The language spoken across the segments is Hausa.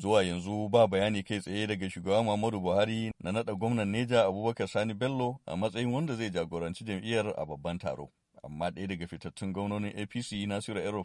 Zuwa yanzu ba bayani kai tsaye daga shugaba Muhammadu Buhari na naɗa gwamnan Neja Abubakar Sani Bello a matsayin wanda zai jagoranci jam'iyyar a babban taro. amma ɗaya daga fitattun gwamnonin apc nasiru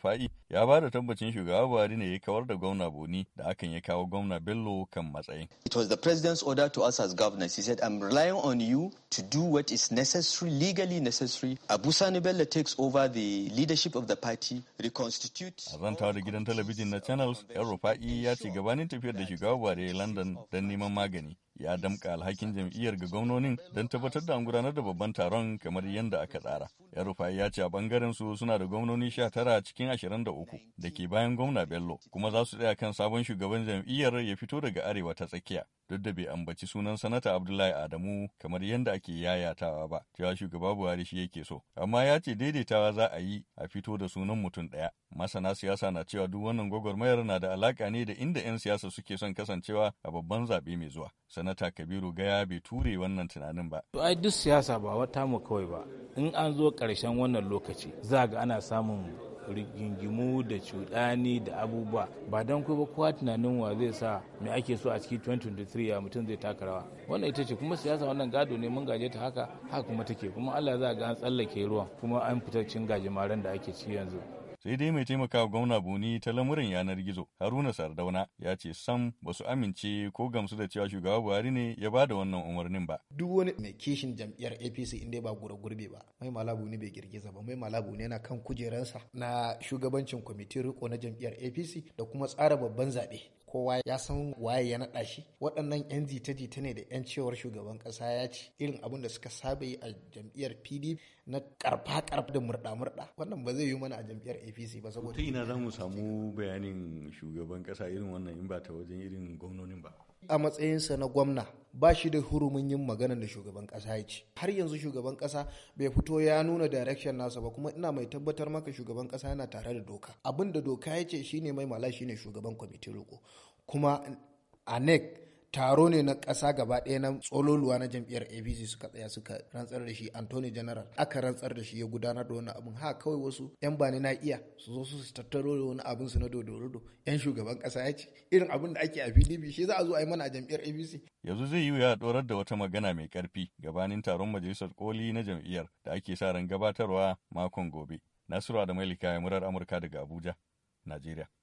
ya ba da tabbacin shugaba buhari ne ya kawar da gwamna boni da ya kawo gwamna bello kan matsayin it was the president's order to us as governors he said i'm relying on you to do what is necessary legally necessary Abusa sani bello takes over the leadership of the party reconstitute a zantawa da gidan talabijin na channels el-rufa'i ya ce gabanin tafiyar da shugaba buhari london don neman magani ya damƙa alhakin jam'iyyar ga gwamnonin don tabbatar da an gudanar da babban taron kamar yadda aka tsara. Ya rufa ya ce a bangaren su suna da gwamnoni sha tara cikin ashirin da uku da ke bayan gwamna Bello kuma za su tsaya kan sabon shugaban jam'iyyar ya fito daga arewa ta tsakiya. duk da bai ambaci sunan sanata Abdullahi Adamu kamar yadda ake yayatawa ba, cewa shugaba Buhari shi yake so. Amma ya ce daidaitawa za a yi a fito da sunan mutum ɗaya. Masana siyasa na cewa duk wannan gwagwarmayar na da alaka ne da inda 'yan siyasa suke son kasancewa a babban zaɓe mai zuwa. Sanata Kabiru Gaya bai ture wannan tunanin ba. To ai duk siyasa ba wata mu kawai ba. In an zo ƙarshen wannan lokaci za ga ana samun rigingimu da cuɗani da abubuwa ba don kai ba kowa tunanin wa zai sa me ake so a cikin 2023 ya mutum zai taka rawa wannan ita ce kuma siyasa wannan gado ne mun gaje ta haka haka kuma take kuma Allah za ga an tsallake ruwan kuma an fitaccin gajimaren da ake ci yanzu sai dai mai taimakawa gwamna Buni ta lamurin yanar gizo Haruna Sardauna ya ce sam ba su amince ko gamsu da cewa shugaba Buhari ne ya ba da wannan umarnin ba. Duk wani mai kishin jam'iyyar APC in dai ba gura gurbe ba mai malabu ne bai girgiza ba mai malabu ne yana kan kujeransa na shugabancin kwamitin riko na jam'iyyar APC da kuma tsara babban zaɓe kowa ya san waye ya naɗa shi waɗannan 'yan jita-jita ne da 'yan cewar shugaban ƙasa ya ci irin abin da suka saba yi a jam'iyyar pdp na karfa-karfa da murɗa-murɗa wannan ba zai yi mana a jam'iyyar apc ba saboda ina za mu samu bayanin shugaban ƙasa irin wannan in ba ta wajen irin gwamnonin ba a matsayinsa na gwamna ba shi da hurumin yin magana da shugaban kasa ya ce har yanzu shugaban kasa bai fito ya nuna direction nasa ba kuma ina mai tabbatar maka shugaban kasa yana tare da doka abin da doka ya ce shine mai mala shine shugaban kwamitin roko kuma anek taro ne na ƙasa gaba ɗaya na tsololuwa na jam'iyyar abc suka tsaya suka rantsar da shi antony general aka rantsar da shi ya gudanar da wani abin ha kawai wasu yan bani na iya su zo su tattaro da wani abin su na dodo yan shugaban kasa ya ce irin abin da ake a pdp shi za a zo a yi mana a jam'iyyar abc. yanzu zai yi wuya dorar da wata magana mai ƙarfi gabanin taron majalisar koli na jam'iyyar da ake sa ran gabatarwa makon gobe nasiru da mailika murar amurka daga abuja najeriya